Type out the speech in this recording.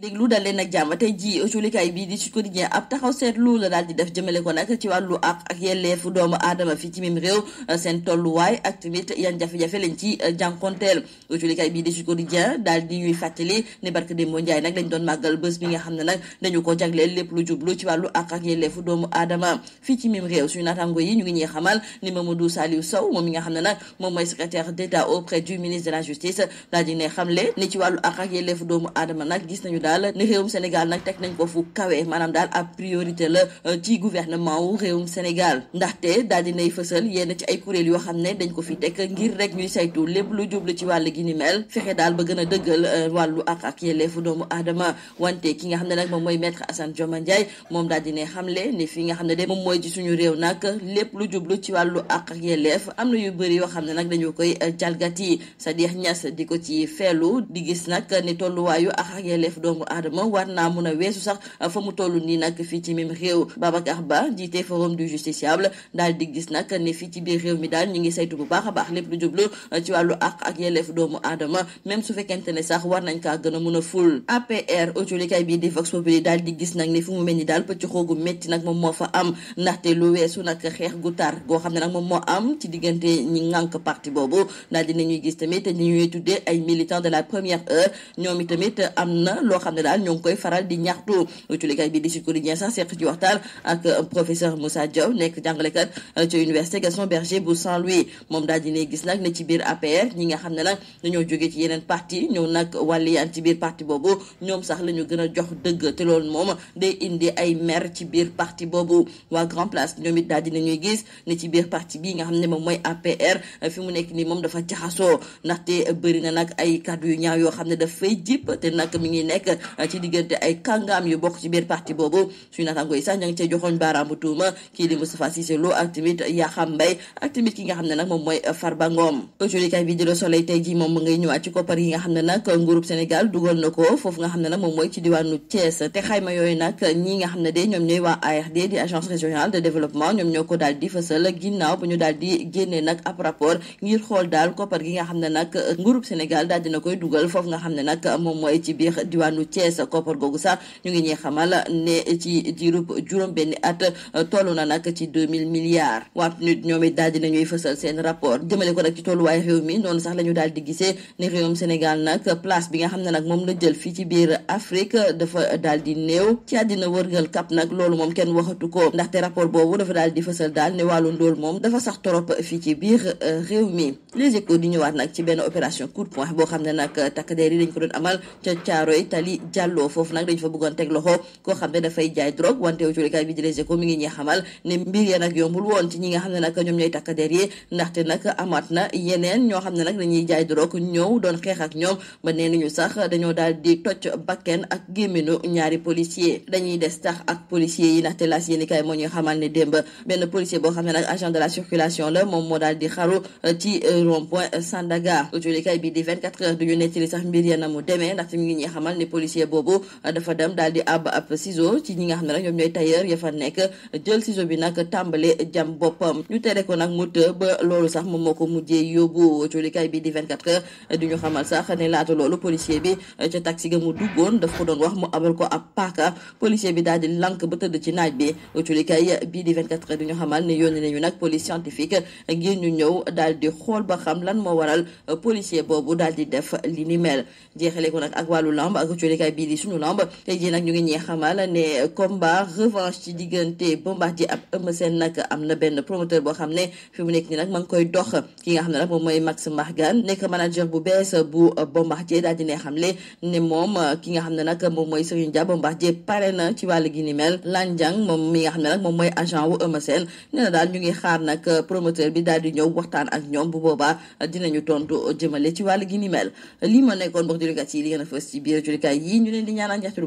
déglu dal leen ak jàmm tey ji julikaay bii di Sud Quotidien ab taxaw seetlu la daal di def jëmale ko nag ci wàllu àq ak yelleefu doomu aadama fii ci mim réew seen tolluwaay ak tamit yan jafe lañ ci jànkonteel julikaay bii di Sud Quotidien daal di ñuy fàttali ne barke Demba Ndiaye doon màggal bés bi nga xam ne nag dañu ko jagleel lépp lu jublu ci wàllu àq ak yelleefu doomu aadama fii ci mim réew suñu naataango yi ñu ngi ñuy xamal ni Mamadou Saliou Sow moom mi nga xam ne nag moom mooy secrétaire d'État auprès du ministre de la justice daal di ne xamle ni ci wàllu àq ak yelleefu doomu aadama nag gis nañu daal ne réewum Sénégal nag teg nañ ko fu kawe maanaam daal ab priorité la euh, ci gouvernement wu réewum Sénégal ndaxte daal nay fësal yenn ci ay kuréel yoo xam ne dañ ko fi teg ngir rek ñuy saytu lépp lu jublu ci wàll gi ni fexe daal ba gën a dëggal euh, wàllu ak ak doomu aadama wante ki nga xam ne nag moom mooy maître Assane Dioma Ndiaye moom daal dina le ni fi nga xam ne de moom mooy ji suñu réew nag lépp lu jublu ci wàllu ak ak yelleef am na yu bëri yoo xam ne nag dañu koy euh, jalgati Sadikh ñas di ko ci feelu di gis nag ni tolluwaayu ak ak yelleef doomu doomu aadama war naa mun a weesu sax euh, fa mu toll nii nag fii ci même réew Babacar Ba jiite forum du justiciable daal di gis nag ne fii ci biir réew mi daal ñu ngi saytu bu baax a baax lépp lu jublu euh, ci wàllu àq ak yelleef doomu aadama même su fekkente ne sax war nañ kaa gën a mun a ful APR autolikay bii di Vox Populi daal di gis nag ne fu mu mel ni daal pëcc xoogu métti nag moom moo fa am ndaxte lu weesu nag xeex gu tar goo xam ne nag moom moo am ci diggante ñi ngànk parti boobu daal dinañuy gis tamit ñi ñuy tuddee ay de la première heure ñoom i xam ne daal ñoo ngi koy faral di ñaxtu culikay bi di Sud Quotidien sax seq ci waxtaan ak euh, professeur Moussa Diaw nekk jàngalekat euh, ci université Gaston Berger bu Saint-Louis moom daal dina gis nag ne ci biir APR ñi nga xam ne nag dañoo jóge ci yeneen parti a jox euh, nekk nii moom dafa jaxasoo ndaxte bëri na nag ay kàddu ñaaw yoo xam ne daf fay jip te nag mi ngi nekk nag euh, ci diggante ay kàngaam yu bokk ci biir parti boobu suñu naataango yi sax ña ngi cee joxoñ baaraamu tuuma kii di Moustapha Cissé Lo ak tamit Yaxam Mbaye nga xam ne nag moom mooy Farba Ngom journal bi di tey jii moom ngay ñëwaat ci koppar yi nga xam ne nag nguurub Sénégal dugal na ko foofu nga xam ne nag moom mooy ci diwaanu Thiès te xayma yooyu nag ñi nga xam ne de ñoom ñooy waa ARD agence régionale de développement ñoom ñoo ko daal di fësal ginnaaw bu ñu daal di génnee ngir xool daal koppar gi nga xam ne nag nguurub Sénégal daal dina koy dugal foofu nga xam ne nag moom mooy ci biir diwaanu Thiès koppar googu sax ñu ngi ñuy xamal ne ci diirub juróom benni at toll na nag ci deux mille milliards waa nit ñoom it daal dinañuy fësal seen rapport jëmale ko nag ci tolluwaay réew mi noonu sax la ñu daal di gisee ne réewum Sénégal nag place bi nga xam ne moom la jël fii ci biir Afrique dafa daal di néew ci àddina wërngal kap nag loolu moom kenn waxatu ko ndaxte rapport boobu dafa daal di fësal daal ne wàllu ndóol moom dafa sax torop fii ci biir euh, réew mi les échos di ñëwaat nag ci benn opération coup de boo xam ne nag takk der yi dañ ko doon amal ca caaro Italie Madi foofu nag dañ fa bëggoon teg loxo koo xam ne dafay jaay drogue wante cuurikaay bi di Les Échos mi ngi ñuy xamal xam ne nag ñoom ñooy takk der yi ndaxte nag amaat na yeneen ñoo xam ne nag dañuy jaay drogue ñëw doon xeex ak ñoom ba nee nañu sax dañoo daal di tocc bakken ak ak policier yi ndaxte laas yéenikaay ñuy xamal ne démb benn policier boo xam ne nag agent de la circulation moo daal di xaru ci rond point Sandaga cuurikaay bi di 24 heures duñu nettali sax mbir ya na mu demee ndaxte mi ngi ñuy xamal ne policier boobu dafa dem daal di ab ab ciseau ci ñi bi nag ba loolu sax moom moo ko mujjee bi di 24 heures di ñu xamal sax ne laata loolu bi ca taxi ga mu duggoon daf ko doon wax mu abal ko ab paaka policier bi daal di lank ba tëdd ci naaj bi coolikaay bii di 24 heures di ñu xamal ne yónni nag police scientifique ngir ñu ñëw daal di xool ba xam lan moo waral policier boobu daal di def li ni mel jeexale ko nag ak wàllu lamb ak yéenekaay bii di sunu lamb tey jii nag ñu ngi ñuy xamal ne combat revanche ci diggante Bombardier ab Eumeu Sène nag am na benn promoteur boo xam ne fi mu nekk nii nag ma ngi koy dox ki nga xam ne nag moom mooy Max Mbargane nekk manager bu bees bu Bombardier daal dina xamle ne moom ki nga xam ne nag moom mooy Serigne Dia Bombardier pare na ci wàllu gi ni mel Lan Diang moom mi nga xam ne nag moom mooy agent wu Eumeu Sène nee daal ñu ngi xaar nag promoteur bi daal di ñëw waxtaan ak ñoom bu boobaa dinañu tontu jëmale ci wàll gi ni mel lii ma nekkoon box jullikat yi li gën a ci biir jullikat yi ñu leen di ñaanal njaxte